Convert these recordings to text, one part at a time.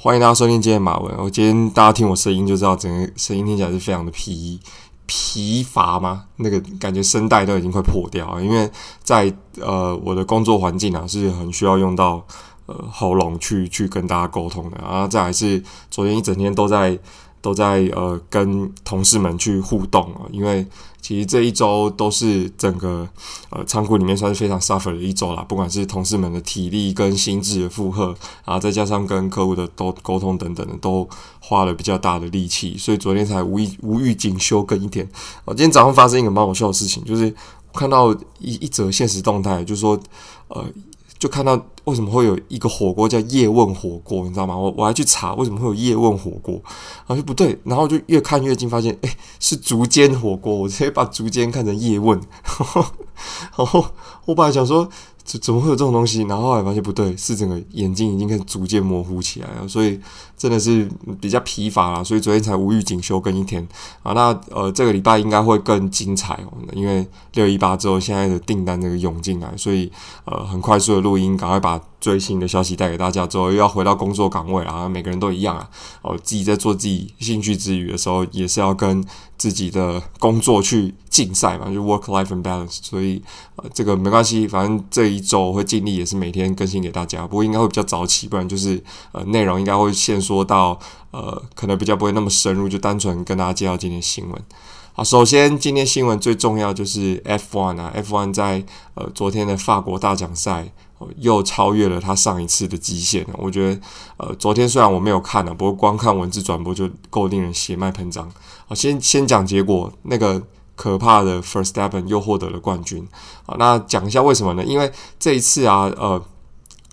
歡迎大家收聽今天的馬文，我、哦、今天大家聽我聲音就知道，整個聲音聽起來是非常的疲疲乏嗎？那個感覺聲帶都已經快破掉了，因為在呃我的工作環境啊是很需要用到呃喉嚨去去跟大家溝通的，然後再來是昨天一整天都在都在呃跟同事們去互動啊，因為。其實這一周都是整個呃倉庫裡面算是非常 suffer 的一周啦，不管是同事們的體力跟心智的負荷，然後再加上跟客戶的溝溝通等等的，都花了比較大的力氣，所以昨天才無意無預警休更一天。我今天早上發生一個蠻好笑的事情，就是看到一一則現實動態，就是說呃。就看到為什麼會有一個火鍋叫葉問火鍋，你知道嗎？我我還去查為什麼會有葉問火鍋，然後就不對，然後就越看越近，發現哎，是竹間火鍋，我直接把竹間看成葉問， 然後我本來想說。這怎麼會有這種東西？然後後來發現不對，是整個眼睛已經開始逐漸模糊起來了，所以真的是比較疲乏了。所以昨天才無預警休更一天啊。那呃，這個禮拜應該會更精彩哦，因為六一八之後現在的訂單這個湧進來，所以呃很快速的錄音，趕快把最新的消息帶給大家之後，又要回到工作崗位啊。每個人都一樣啊，哦、呃，自己在做自己興趣之餘的時候，也是要跟自己的工作去競賽嘛，就 work life and balance。所以呃，這個沒關係，反正這。一週會盡力，也是每天更新給大家。不過應該會比較早起，不然就是呃，內容應該會限縮到呃，可能比較不會那麼深入，就單純跟大家介紹今天新聞。啊。首先今天新聞最重要就是 F1 啊，F1 在呃昨天的法國大獎賽，呃、又超越了他上一次的極限。我覺得呃，昨天雖然我沒有看了，啊，不過光看文字轉播就夠令人血脈噴張。好，先先講結果那個。可怕的 Verstappen 又獲得了冠軍啊！那講一下為什麼呢？因為這一次啊，呃，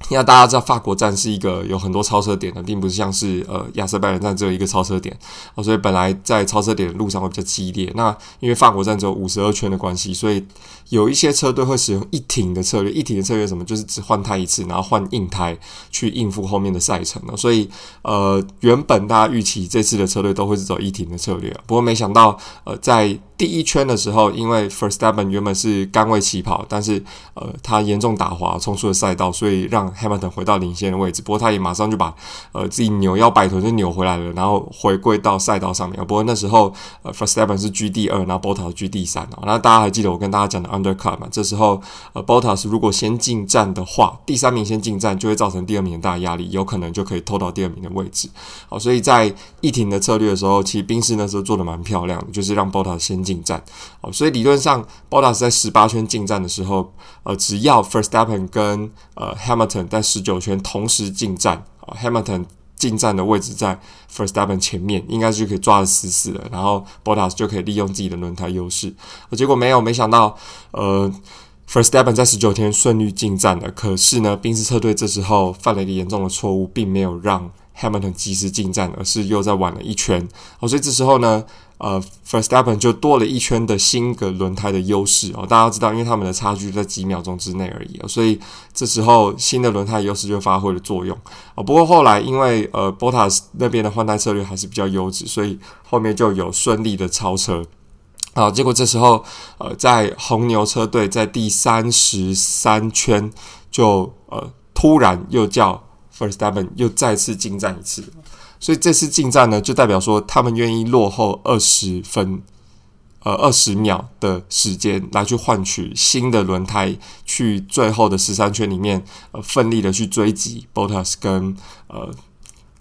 因為大家知道法國站是一個有很多超車點的，並不是像是呃亞塞拜然站只有一個超車點啊、呃，所以本來在超車點的路上會比較激烈。那因為法國站只有五十二圈的關係，所以有一些車隊會使用一停的策略。一停的策略什麼？就是只換胎一次，然後換硬胎去應付後面的賽程、呃、所以呃，原本大家預期這次的車隊都會是走一停的策略，不過沒想到呃在第一圈的時候，因為 Verstappen 原本是桿位起跑，但是呃，他嚴重打滑衝出了賽道，所以讓 Hamilton 回到領先的位置。不過他也馬上就把呃自己扭腰擺臀就扭回來了，然後回歸到賽道上面。不過那時候呃 Verstappen 是居第二，然後 Bottas 居第三，哦，啊。那大家還記得我跟大家講的 Undercut 嘛？這時候呃 Bottas 如果先進站的話，第三名先進站就會造成第二名的大壓力，有可能就可以偷到第二名的位置。好，所以在一停的策略的時候，其實賓士那時候做的蠻漂亮的，就是讓 Bottas 先。進站，哦，所以理論上，Bottas 在十八圈進站的時候，呃，只要 Verstappen 跟呃 Hamilton 在十九圈同時進站、呃、Hamilton 進站的位置在 Verstappen 前面，應該就可以抓的死死的，然後 Bottas 就可以利用自己的輪胎優勢、呃，結果沒有，沒想到，呃，Verstappen 在十九圈順利進站了，可是呢，賓士車隊這時候犯了一個嚴重的錯誤，並沒有讓 Hamilton 及時進站，而是又再晚了一圈，好、呃，所以這時候呢。呃 Verstappen 就多了一圈的新的輪胎的優勢哦，大家要知道，因為他們的差距在幾秒鐘之內而已哦，所以這時候新的輪胎優勢就發揮了作用哦。不過後來因為呃 Bottas 那邊的換胎策略還是比較優質，所以後面就有順利的超車好、哦，結果這時候呃，在紅牛車隊在第三十三圈就呃突然又叫 Verstappen 又再次進站一次。所以這次進站呢，就代表說他們願意落後二十分，呃，二十秒的時間來去換取新的輪胎，去最後的十三圈裡面，呃，奮力的去追擊 Bottas 跟呃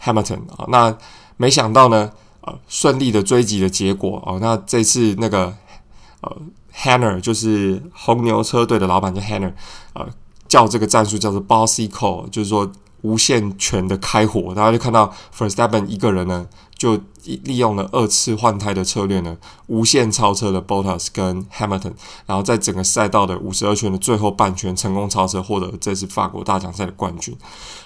Hamilton 啊、哦。那沒想到呢，呃，順利的追擊的結果哦。那這次那個呃 Hanner 就是紅牛車隊的老闆，叫 Hanner，呃，叫這個戰術叫做 Bossy Call，就是說。無限權的開火，大家就看到 Verstappen 一個人呢，就利用了二次換胎的策略呢，無限超車的 Bottas 跟 Hamilton，然後在整個賽道的五十二圈的最後半圈成功超車，獲得這次法國大獎賽的冠軍。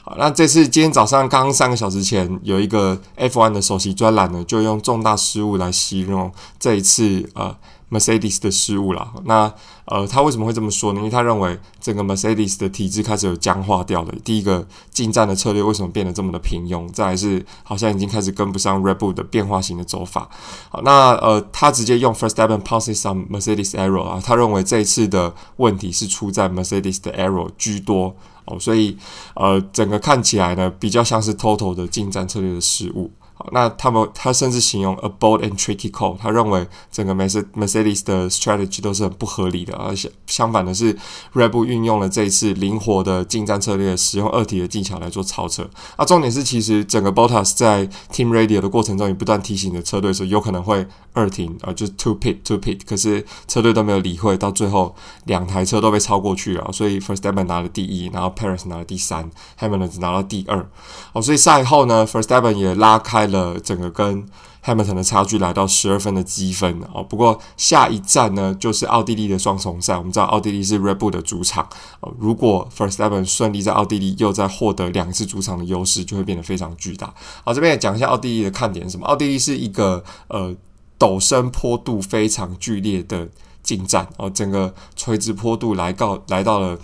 好，那這次今天早上剛三個小時前，有一個 F1 的首席專欄呢，就用重大失誤來形容這一次啊。呃 Mercedes 的失誤了。那呃，他為什麼會這麼說呢？因為他認為整個 Mercedes 的體制開始有僵化掉了。第一個進站的策略為什麼變得這麼的平庸？再來是好像已經開始跟不上 Red Bull 的變化型的走法。好，那呃，他直接用 First step and passes some Mercedes error 啊。他認為這一次的問題是出在 Mercedes 的 error 居多哦，所以呃，整個看起來呢，比較像是 Total 的進站策略的失誤。那他們他甚至形容 a bold and tricky call，他認為整個 Mercedes 的 strategy 都是很不合理的，而且相反的是 Red Bull 運用了這一次靈活的進站策略，使用二停的技巧來做超車。那、啊、重點是其實整個 Bottas 在 Team Radio 的過程中也不斷提醒着車隊說有可能會二停啊，就是 two pit two pit，可是車隊都沒有理會，到最後兩台車都被超過去了，所以 Verstappen 拿了第一，然後 Perez 拿了第三，Hamilton 只拿到第二。哦、啊，所以賽後呢，Verstappen 也拉開了。的整個跟 Hamilton 的差距來到十二分的積分哦，不過下一站呢，就是奧地利的雙重賽，我們知道奧地利是 Red Bull 的主場，如果 First Eleven 順利在奧地利又再獲得兩次主場的優勢，就會變得非常巨大。好，這邊也講一下奧地利的看點是什麼？奧地利是一個呃陡升坡度非常劇烈的進站哦，整個垂直坡度來告來到了。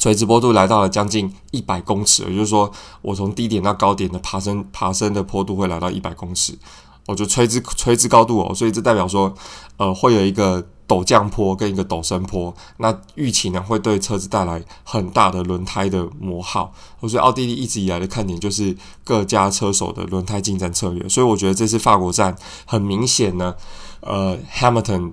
垂直坡度來到了將近一百公尺，也就是說，我從低點到高點的爬升，爬升的坡度會來到一百公尺，我就垂直垂直高度哦，所以這代表說，呃，會有一個陡降坡跟一個陡升坡，那預期呢，會對車子帶來很大的輪胎的磨耗，所以奧地利一直以來的看點就是各家車手的輪胎進站策略，所以我覺得這次法國站很明顯呢，呃，Hamilton。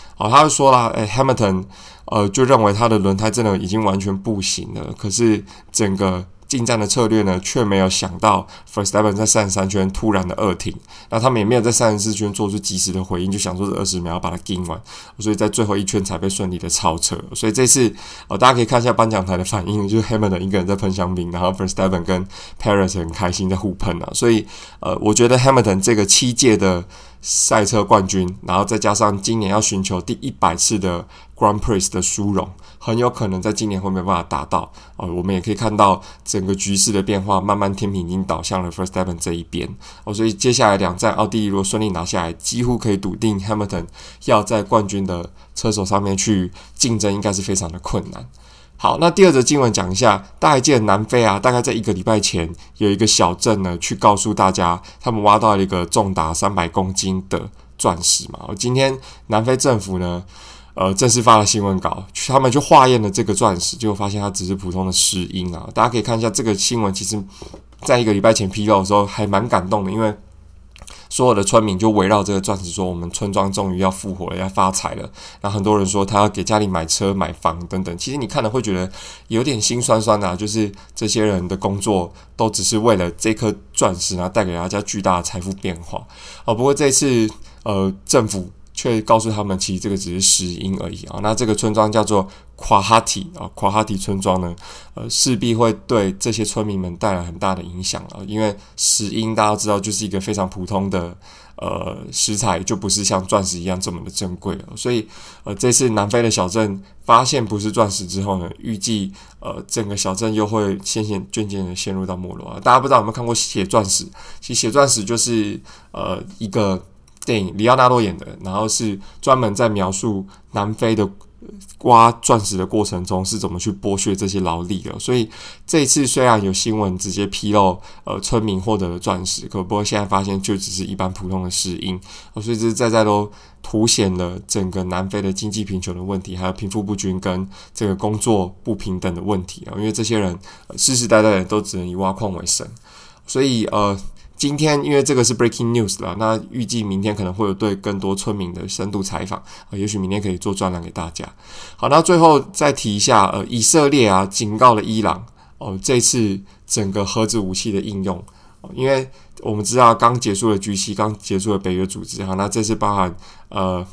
哦，他就說了，哎，Hamilton，呃，就認為他的輪胎真的已經完全不行了，可是整個。進站的策略呢，卻沒有想到 Verstappen 在三十三圈突然的二停，那他們也沒有在三十四圈做出及時的回應，就想說這二十秒把它撐完，所以在最後一圈才被順利的超車。所以這次，呃，大家可以看一下頒獎台的反應，就是 Hamilton 一個人在噴香檳，然後 Verstappen 跟 Perez 很開心在互噴啊。所以，呃，我覺得 Hamilton 這個七屆的賽車冠軍，然後再加上今年要尋求第一百次的 Grand Prix 的殊榮。很有可能在今年會沒有辦法達到啊、呃，我們也可以看到整個局勢的變化，慢慢天平已經倒向了 Verstappen 這一邊哦、呃，所以接下來兩站奧地利如果順利拿下來，幾乎可以篤定 Hamilton 要在冠軍的車手上面去競爭，應該是非常的困難。好，那第二則新聞講一下，大家還記得南非啊，大概在一個禮拜前有一個小鎮呢，去告訴大家他們挖到了一個重達三百公斤的鑽石嘛。哦、呃，今天南非政府呢，呃，正式發了新聞稿，他們就化驗了這個鑽石，結果發現它只是普通的石英啊。大家可以看一下這個新聞，其實在一個禮拜前披露的時候還蠻感動的，因為所有的村民就圍繞這個鑽石說：“我們村莊終於要復活了，要發財了。”然後很多人說他要給家裡買車、買房等等。其實你看了會覺得有點心酸酸的啊，就是這些人的工作都只是為了這顆鑽石啊，然後帶給大家巨大的財富變化。哦，呃，不過這次呃，政府。卻告訴他們，其實這個只是石英而已啊。那這個村莊叫做誇哈提啊，誇哈提村莊呢，呃，勢必會對這些村民們帶來很大的影響啊。因為石英大家知道，就是一個非常普通的呃石材，就不是像鑽石一樣這麼的珍貴了啊。所以呃，這次南非的小鎮發現不是鑽石之後呢，預計呃整個小鎮又會漸漸漸漸的陷入到沒落啊。大家不知道有沒有看過血鑽石？其實血鑽石就是呃一個。.電影李奧納多演的，然後是專門在描述南非的挖鑽石的過程中是怎麼去剝削這些勞力的。所以這一次雖然有新聞直接披露，呃，村民獲得了鑽石，可不過現在發現就只是一般普通的石英。所以這實實在在都凸顯了整個南非的經濟貧窮的問題，還有貧富不均跟這個工作不平等的問題啊、呃。因為這些人、呃、世世代代都只能以挖礦為生，所以呃。今天因為這個是 breaking news 了，那預計明天可能會有對更多村民的深度採訪，呃，也許明天可以做專欄給大家。好，那最後再提一下，呃，以色列啊警告了伊朗，哦，呃，這次整個核子武器的應用，呃，因為我們知道剛結束了 G7，剛結束了北約組織，哈，那這次包含呃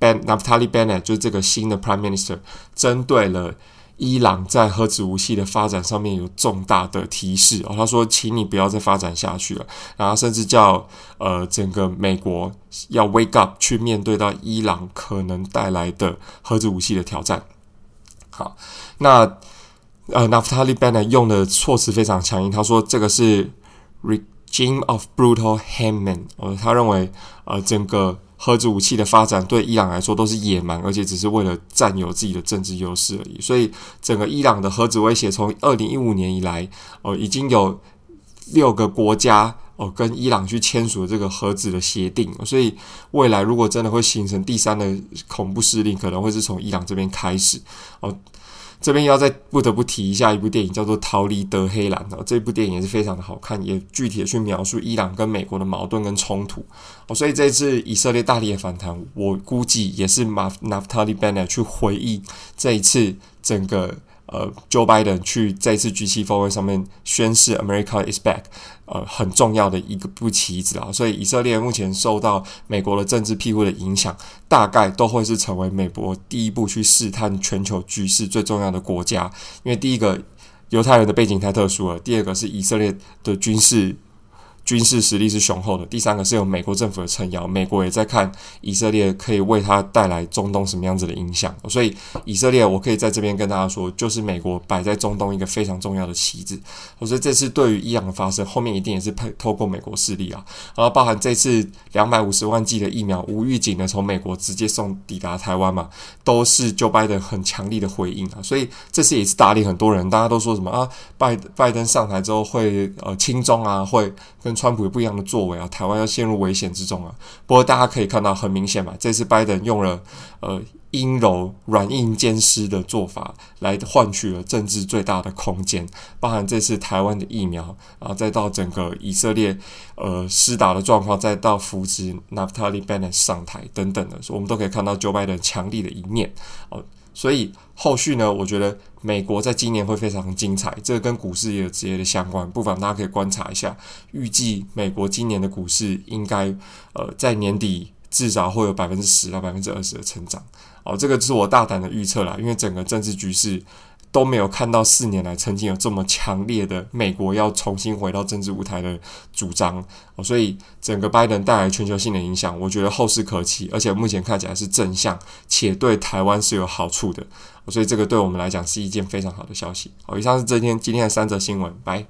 Ben Naftali Bennett 就是這個新的 Prime Minister 針對了。伊朗在核子武器的發展上面有重大的提示哦，他說，請你不要再發展下去了，然後甚至叫呃，整個美國要 wake up 去面對到伊朗可能帶來的核子武器的挑戰。好，那呃，Naftali Bennett 用的措辭非常強硬，他說這個是 regime of brutal hangmen，他認為呃，整個。核子武器的發展對伊朗來說都是野蠻，而且只是為了占有自己的政治優勢而已。所以，整個伊朗的核子威脅從二零一五年以來，哦，已經有六個國家哦跟伊朗去簽署了這個核子的協定。所以，未來如果真的會形成第三的恐怖勢力，可能會是從伊朗這邊開始哦。這邊要再不得不提一下一部電影，叫做《逃離德黑蘭》啊，這部電影也是非常的好看，也具體的去描述伊朗跟美國的矛盾跟衝突。所以這次以色列大力的反彈，我估計也是馬納夫塔利·班納去回憶這一次整個。呃，Joe Biden 去這次 G7 峰會上面宣誓 America is back，呃，很重要的一個步棋子啊。所以以色列目前受到美國的政治庇護的影響，大概都會是成為美國第一步去試探全球局勢最重要的國家。因為第一個，猶太人的背景太特殊了；第二個，是以色列的軍事。軍事實力是雄厚的，第三個是有美國政府的撐腰，美國也在看以色列可以為它帶來中東什麼樣子的影響，所以以色列我可以在這邊跟大家說，就是美國擺在中東一個非常重要的棋子。我覺得這次對於伊朗的發射，後面一定也是配透過美國勢力啊，然後包含這次兩百五十萬劑的疫苗無預警的從美國直接送抵達台灣嘛，都是就拜登很強力的回應啊，所以這次也是打臉很多人，大家都說什麼啊，拜拜登上台之後會呃親中啊，會跟。川普有不一樣的作為啊，台灣要陷入危險之中啊。不過大家可以看到，很明顯嘛，這次拜登用了呃陰柔、軟硬兼施的做法，來換取了政治最大的空間，包含這次台灣的疫苗啊，再到整個以色列呃施打的狀況，再到扶持 Naftali Bennett 上台等等的，所以我們都可以看到 Joe Biden 強力的一面哦。啊所以後續呢，我覺得美國在今年會非常精彩，這個跟股市也有直接的相關，不妨大家可以觀察一下。預計美國今年的股市應該，呃，在年底至少會有百分之十到百分之二十的成長。哦，這個就是我大膽的預測啦，因為整個政治局勢，都沒有看到四年來曾經有這麼強烈的美國要重新回到政治舞台的主張。所以整個拜登帶來全球性的影響，我覺得後勢可期，而且目前看起來是正向且對台灣是有好處的，所以這個對我們來講是一件非常好的消息，好，以上是今天今天的三則新聞，拜。